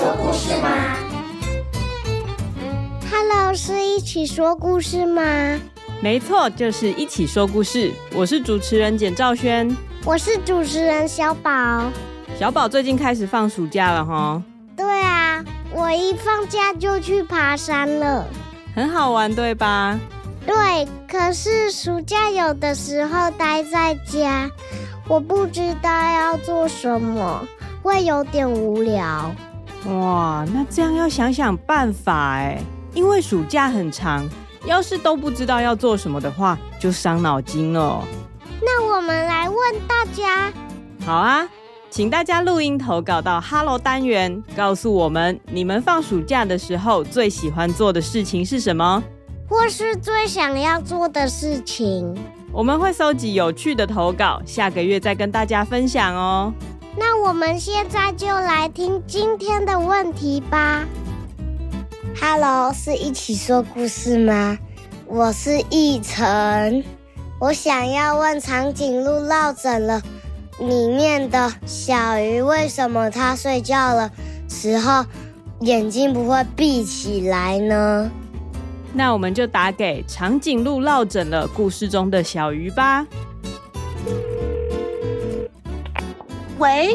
說故事嗎？Hello，是一起說故事嗎？沒錯，就是一起說故事。我是主持人簡兆軒，我是主持人小寶。小寶最近開始放暑假了哦，哈。對啊，我一放假就去爬山了，很好玩，對吧？對，可是暑假有的時候待在家，我不知道要做什麼，會有點無聊。哇，那這樣要想想辦法哎，因為暑假很長，要是都不知道要做什麼的話，就傷腦筋哦。那我們來問大家，好啊，請大家錄音投稿到 Hello 單元，告訴我們你們放暑假的時候最喜歡做的事情是什麼，或是最想要做的事情。我們會蒐集有趣的投稿，下個月再跟大家分享哦。我們現在就來聽今天的問題吧。Hello，是一起說故事嗎？我是奕晨，我想要問《長頸鹿落枕了》裡面的小魚，為什麼它睡覺了時候眼睛不會閉起來呢？那我們就打給《長頸鹿落枕了》故事中的小魚吧。喂，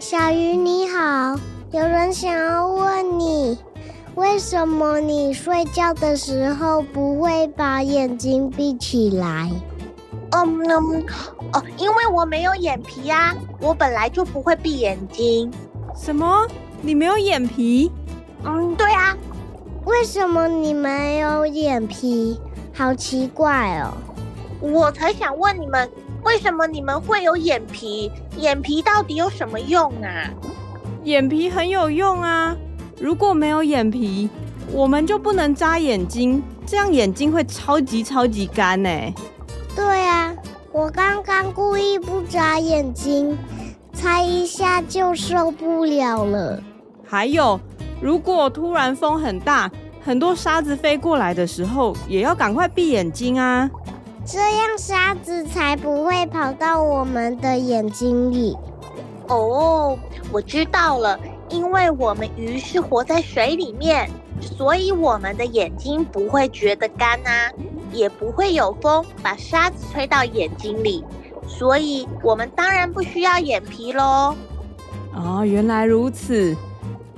小魚你好，有人想要問你，為什麼你睡覺的時候不會把眼睛閉起來？嗯，嗯，哦，因為我沒有眼皮啊，我本來就不會閉眼睛。什麼？你沒有眼皮？嗯，對啊。為什麼你沒有眼皮？好奇怪哦。我才想問你們。為什麼你們會有眼皮？眼皮到底有什麼用啊？眼皮很有用啊！如果沒有眼皮，我們就不能眨眼睛，這樣眼睛會超級超級乾呢、欸。對啊，我剛剛故意不眨眼睛，才一下就受不了了。還有，如果突然風很大，很多沙子飛過來的時候，也要趕快閉眼睛啊。這樣沙子才不會跑到我們的眼睛裡。哦，我知道了，因為我們魚是活在水裡面，所以我們的眼睛不會覺得乾啊，也不會有風把沙子吹到眼睛裡，所以我們當然不需要眼皮嘍。哦，原來如此。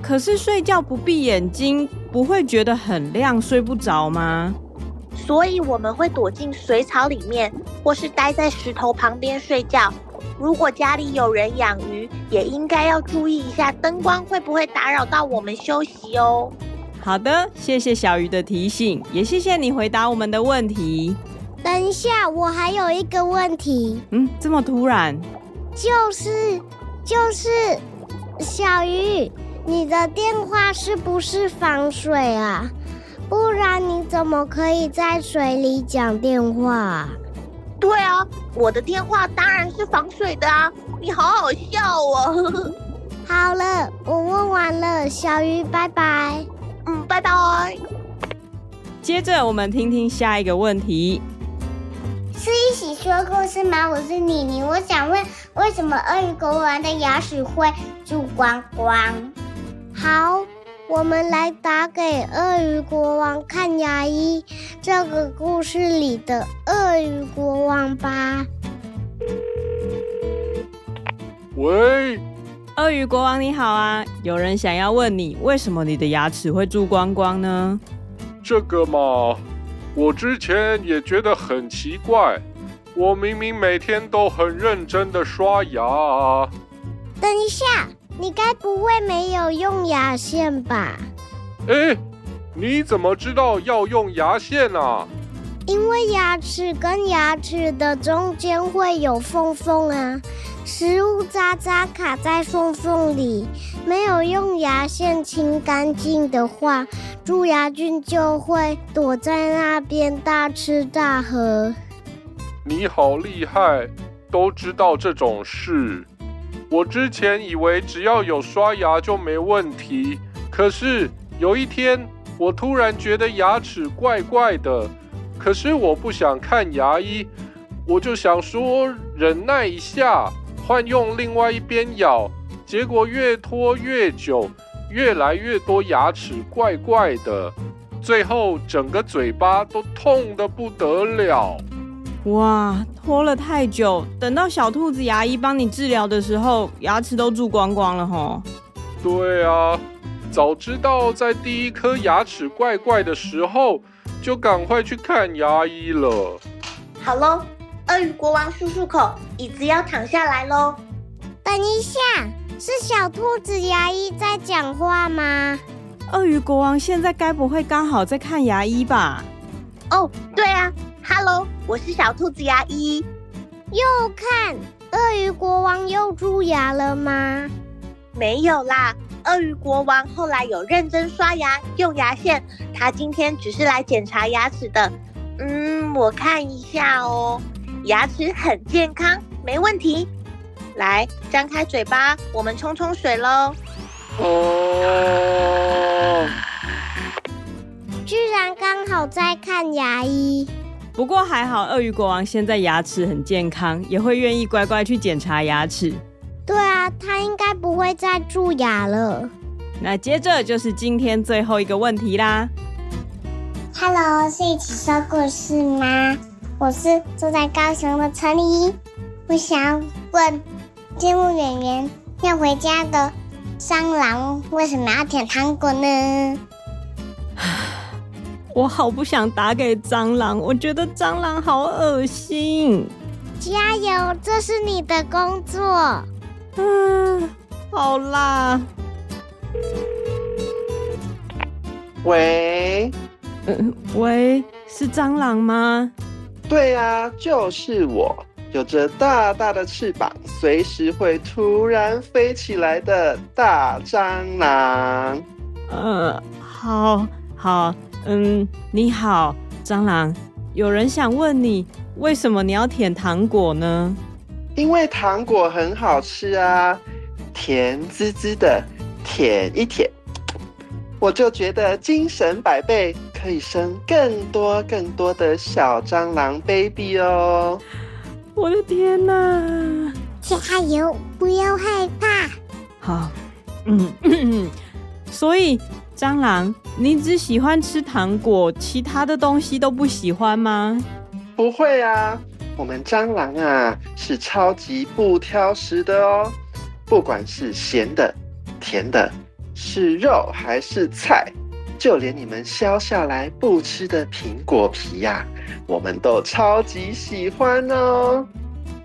可是睡覺不閉眼睛，不會覺得很亮，睡不着嗎？所以我們會躲進水草裡面，或是待在石頭旁邊睡覺。如果家裡有人養魚，也應該要注意一下燈光會不會打擾到我們休息哦。好的，謝謝小魚的提醒，也謝謝你回答我們的問題。等一下，我還有一個問題。嗯，這麼突然？就是，就是，小魚，你的電話是不是防水啊？不然你怎麼可以在水裡講電話？對啊，我的電話當然是防水的啊！你好好笑哦。 好了，我問完了，小魚拜拜。嗯，拜拜。接着我們聽聽下一個問題。是一起說故事嗎？我是妮妮，我想問為什麼鱷魚國王的牙齒會蛀光光？好。我們來打給鱷魚國王看牙醫，這個故事裡的鱷魚國王吧。喂，鱷魚國王你好啊，有人想要問你，為什麼你的牙齒會蛀光光呢？這個嘛，我之前也覺得很奇怪，我明明每天都很認真的刷牙啊。等一下。你該不會沒有用牙線吧？誒，你怎麼知道要用牙線啊？因為牙齒跟牙齒的中間會有縫縫啊，食物渣渣卡在縫縫裡，沒有用牙線清乾淨的話，蛀牙菌就會躲在那邊大吃大喝。你好厲害，都知道這種事。我之前以為只要有刷牙就沒問題，可是有一天我突然覺得牙齒怪怪的，可是我不想看牙醫，我就想說忍耐一下，換用另外一邊咬，結果越拖越久，越來越多牙齒怪怪的，最後整個嘴巴都痛得不得了。哇，拖了太久，等到小兔子牙醫幫你治療的時候，牙齒都蛀光光了吼、哦！對啊，早知道在第一顆牙齒怪怪的時候，就趕快去看牙醫了。好嘍，鱷魚國王漱漱口，椅子要躺下來嘍。等一下，是小兔子牙醫在講話嗎？鱷魚國王現在該不會剛好在看牙醫吧？哦，對啊。哈嘍，我是小兔子牙醫。又看鱷魚國王又蛀牙了嗎？沒有啦，鱷魚國王後來有認真刷牙，用牙線。他今天只是來檢查牙齒的。嗯，我看一下哦，牙齒很健康，沒問題。來，張開嘴巴，我們沖沖水咯。哦。居然剛好在看牙醫。不過還好，鱷魚國王現在牙齒很健康，也會願意乖乖去檢查牙齒。對啊，他應該不會再蛀牙了。那接着就是今天最後一個問題啦。Hello，是一起說故事嗎？我是住在高雄的陳怡，我想問，積木圓圓要回家的蟑螂為什麼要舔糖果呢？ 我好不想打給蟑螂，我覺得蟑螂好惡心。加油，這是你的工作。嗯，好啦。喂，嗯、呃，喂，是蟑螂嗎？對啊，就是我，有着大大的翅膀，隨時會突然飛起來的大蟑螂。嗯、呃，好。好，嗯，你好，蟑螂，有人想問你，為什麼你要舔糖果呢？因為糖果很好吃啊，甜滋滋的，舔一舔，我就覺得精神百倍，可以生更多更多的小蟑螂 baby 哦！我的天哪、啊，加油，不要害怕。好，嗯，嗯， 所以。蟑螂，你只喜歡吃糖果，其他的東西都不喜歡嗎？不會啊，我們蟑螂啊是超級不挑食的哦。不管是鹹的、甜的，是肉還是菜，就連你們削下來不吃的蘋果皮呀，我們都超級喜歡哦。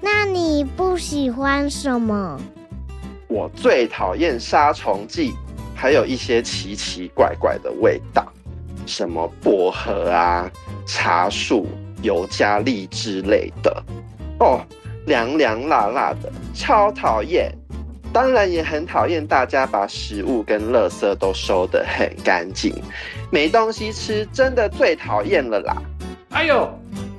那你不喜歡什麼？我最討厭殺蟲劑。還有一些奇奇怪怪的味道，什麼薄荷啊、茶樹、尤加利之類的，哦，涼涼辣辣的，超討厭！當然也很討厭大家把食物跟垃圾都收得很乾淨，沒東西吃真的最討厭了啦！哎呦，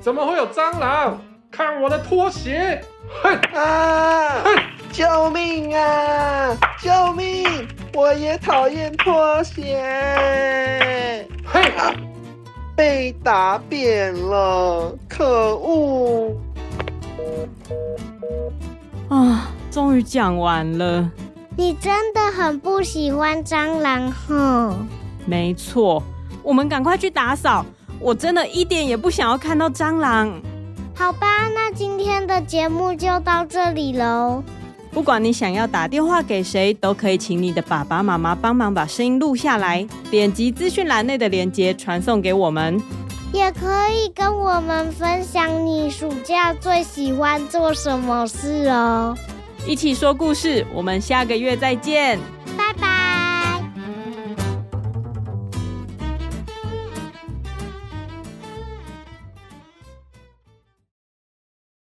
怎麼會有蟑螂？看我的拖鞋！哼啊！哼！救命啊！救命！我也討厭拖鞋。嘿，被打扁了，可惡！啊，終於講完了。你真的很不喜歡蟑螂，哈？沒錯，我們趕快去打掃。我真的一點也不想要看到蟑螂。好吧，那今天的節目就到這裡嘍。不管你想要打電話給誰，都可以請你的爸爸媽媽幫忙把聲音錄下來，點擊資訊欄內的鏈接傳送給我們，也可以跟我們分享你暑假最喜歡做什麼事哦。一起說故事，我們下個月再見。